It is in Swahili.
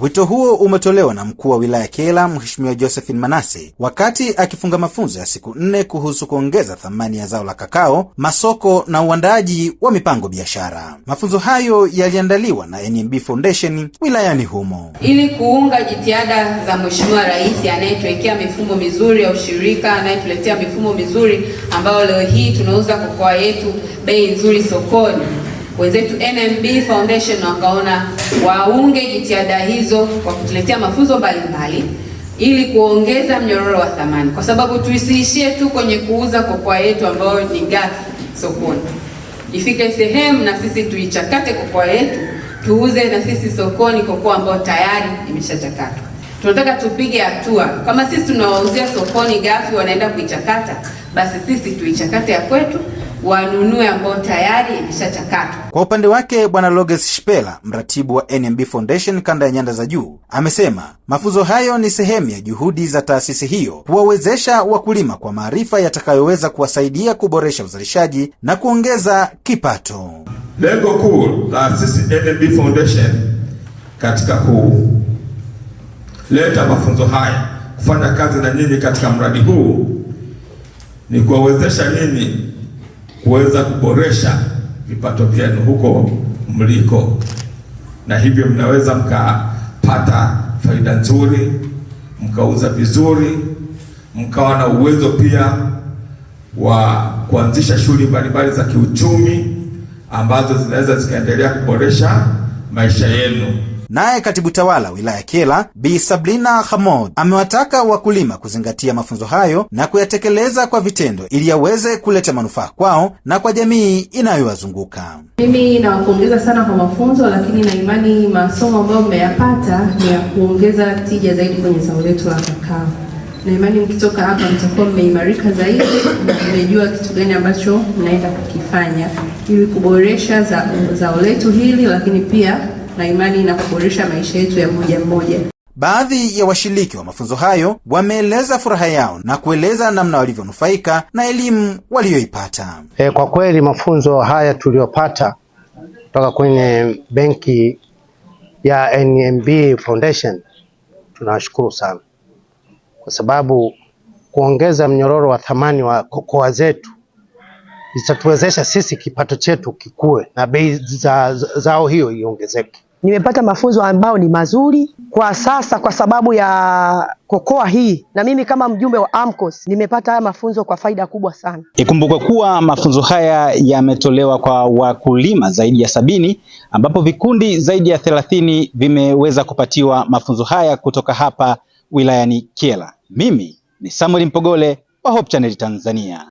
Wito huo umetolewa na mkuu wa wilaya kela Kyela Mheshimiwa Josephine Manase wakati akifunga mafunzo ya siku nne kuhusu kuongeza thamani ya zao la kakao, masoko na uandaaji wa mipango biashara. Mafunzo hayo yaliandaliwa na NMB Foundation wilayani humo ili kuunga jitihada za Mheshimiwa Rais anayetuwekea mifumo mizuri ya ushirika, anayetuletea mifumo mizuri ambayo leo hii tunauza kokoa yetu bei nzuri sokoni wenzetu NMB Foundation wakaona waunge jitihada hizo kwa kutuletea mafunzo mbalimbali ili kuongeza mnyororo wa thamani, kwa sababu tuisiishie tu kwenye kuuza kokoa yetu ambayo ni ghafi sokoni. Ifike sehemu na sisi tuichakate kokoa yetu, tuuze na sisi sokoni kokoa ambayo tayari imeshachakatwa. Tunataka tupige hatua. Kama sisi tunawauzia sokoni ghafi, wanaenda kuichakata, basi sisi tuichakate ya kwetu wanunue ambao tayari imeshachakatwa. Kwa upande wake Bwana Loges Shpela, mratibu wa NMB Foundation kanda ya Nyanda za Juu, amesema mafunzo hayo ni sehemu ya juhudi za taasisi hiyo kuwawezesha wakulima kwa maarifa yatakayoweza kuwasaidia kuboresha uzalishaji na kuongeza kipato. Lengo kuu la taasisi NMB Foundation katika kuleta mafunzo haya, kufanya kazi na nyinyi katika mradi huu ni kuwawezesha nyinyi kuweza kuboresha vipato vyenu huko mliko, na hivyo mnaweza mkapata faida nzuri, mkauza vizuri, mkawa na uwezo pia wa kuanzisha shughuli mbalimbali za kiuchumi ambazo zinaweza zikaendelea kuboresha maisha yenu. Naye katibu tawala wilaya Kyela Bi sablina hamod amewataka wakulima kuzingatia mafunzo hayo na kuyatekeleza kwa vitendo ili yaweze kuleta manufaa kwao na kwa jamii inayowazunguka. Mimi nawapongeza sana kwa mafunzo, lakini na imani masomo ambayo mmeyapata ni ya kuongeza tija zaidi kwenye zao letu la kakao. Na imani mkitoka hapa mtakuwa mmeimarika zaidi na mmejua kitu gani ambacho mnaenda kukifanya ili kuboresha zao za letu hili, lakini pia na imani na kuboresha maisha yetu ya mmoja mmoja. Baadhi ya washiriki wa mafunzo hayo wameeleza furaha yao na kueleza namna walivyonufaika na elimu waliyoipata. E, kwa kweli mafunzo haya tuliyopata kutoka kwenye benki ya NMB Foundation tunashukuru sana, kwa sababu kuongeza mnyororo wa thamani wa kokoa zetu itatuwezesha sisi kipato chetu kikue na bei za zao hiyo iongezeke nimepata mafunzo ambayo ni mazuri kwa sasa, kwa sababu ya kokoa hii, na mimi kama mjumbe wa AMCOS nimepata haya mafunzo kwa faida kubwa sana. Ikumbukwe kuwa mafunzo haya yametolewa kwa wakulima zaidi ya sabini ambapo vikundi zaidi ya thelathini vimeweza kupatiwa mafunzo haya kutoka hapa wilayani Kyela. Mimi ni Samuel Mpogole wa Hope Channel Tanzania.